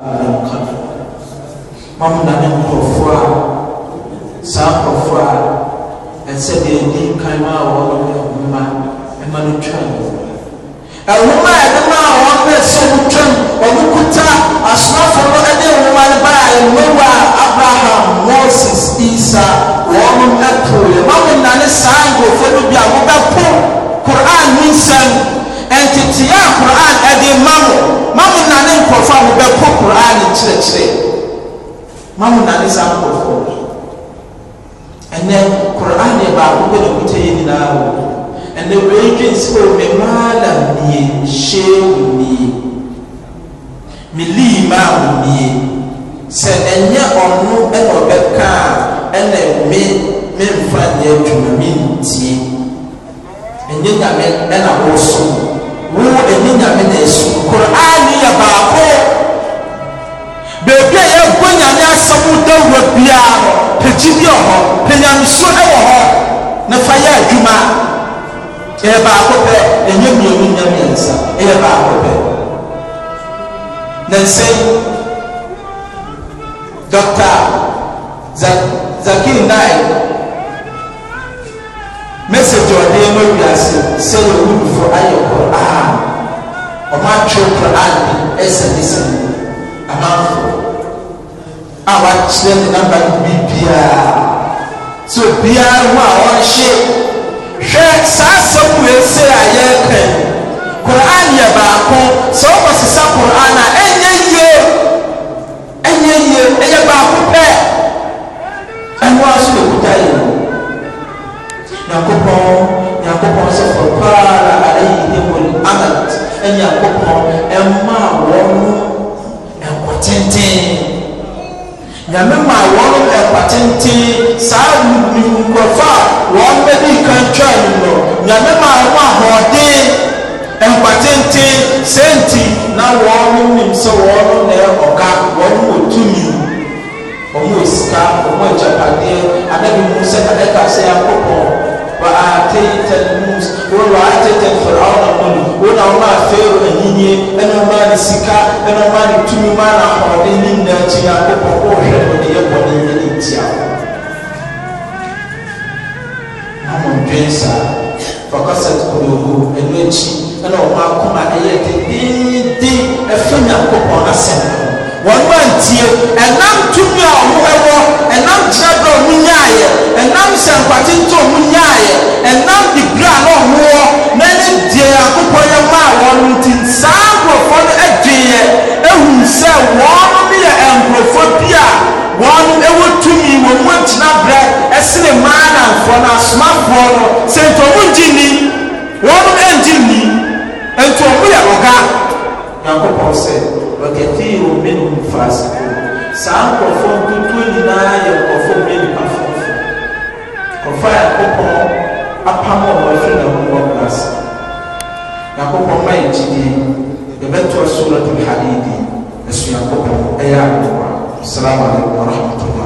nka mamu na ne nkurɔfoɔ a saa nkurɔfoɔ a ɛsɛ deɛ di nkan mu a wɔn ne nwoma ɛma no twa mu ɛnwoma a ɛde ma a wɔn ne sɛ no twa mu wɔn kuta asomafo no ɛde nwoma no ba a ɛnwoma abraham moses isa wɔn ɛpo yɛ mamu na ne saa nkurɔfoɔ no bi a wɔbɛpo koran ne nsɛm nketeɛ a koran ɛde ma mo mamu wɔfa mo bɛkɔ koraa ne kyerɛkyerɛ ma mo nane saa nkurɔfoɔ no ɛnɛ koraa ne baako bɛ na kuta yɛ nyinaa wɔ ɛnɛ wei dwe nsi wɔ mɛ maala mie hyee wɔ mie me lii maa wɔ mie sɛ ɛnyɛ ɔno ɛna ɔbɛka a ɛna me me mfa nyɛ adwuma me ntie ɛnyɛ nyame ɛna wɔso wo ɛnyɛ nyame na ɛso koraa ne yɛ baa. biara no pɛ gyidie wɔ hɔ pɛ nyamesuo wɔ hɔ ne fa yɛ adwuma ɛyɛ baako pɛ ɛnyɛ mmienu nyɛ mmiɛnsa ɛyɛ baako pɛ na nse dɔkta zakir nai message ɔde ɛma wiase sɛ yɛ wudufo ayɛ koran ɔmo atwe koran bi ɛsɛnesɛne amanfoɔ akyerɛ ne namba no bi biara sɛ obiara ho a ɔnhye hwɛ saa asɛm wei se a yɛreka yi yɛ baako sɛ wobɔ sesa koran a ɛnyɛ yie ɛnyɛ yie ɛyɛ baako pɛ ɛho a so yɛkuta yi no nyankopɔn nyankopɔn sɛ fɔpaara alayihim lamat ɛnyankopɔn ɛmaa wɔn no tenten nyame ma wɔn ɛkwa tenten saa nkurɔfo a wɔn bɛdi kan twa yi no nyame ma wɔn ahoɔden ɛkwa tenten senti na wɔn nim sɛ wɔn na ɛkɔka wɔn wɔ tumi wɔn wɔ sika wɔn agyapadeɛ adaka mu sɛ adaka sɛ akokɔ wa ate tɛn mu wɔn wɔ ate tɛn fɛrɛ wɔn na wɔn na wɔn afei yie ɛna ɔmaa ne sika ɛna ɔmaa ne tumi maa na ahoɔden ne nyinaa akyi na akokɔ ɔrehwɛ no ne yɛ bɔne ne ne ntia ama ntwɛn saa fakasat kolobo ɛno akyi ɛna ɔmo akoma ɛyɛ dendeenden ɛfɛ nyakopɔn asɛm wɔn mu antie ɛnam tumi a ɔmo. wɔn asomafoɔ no sɛ nti ngye ni wɔn ngye ni nti ɔmo yɛ ɔga nyankopɔn sɛ ɔkɛtɛ yi wɔn mɛnum faase saa nkorɔfoɔ ntutuo nyinaa yɛ nkorɔfoɔ mɛ nipa fɔfɔ kɔfa nyankopɔn apam a wɔahwɛ na wɔn wɔn ase nyankopɔn mayɛ gyidie yɛbɛtoa so na to hadidi ɛso nyankopɔn ɛyɛ adoa salamu alaikum warahmatulah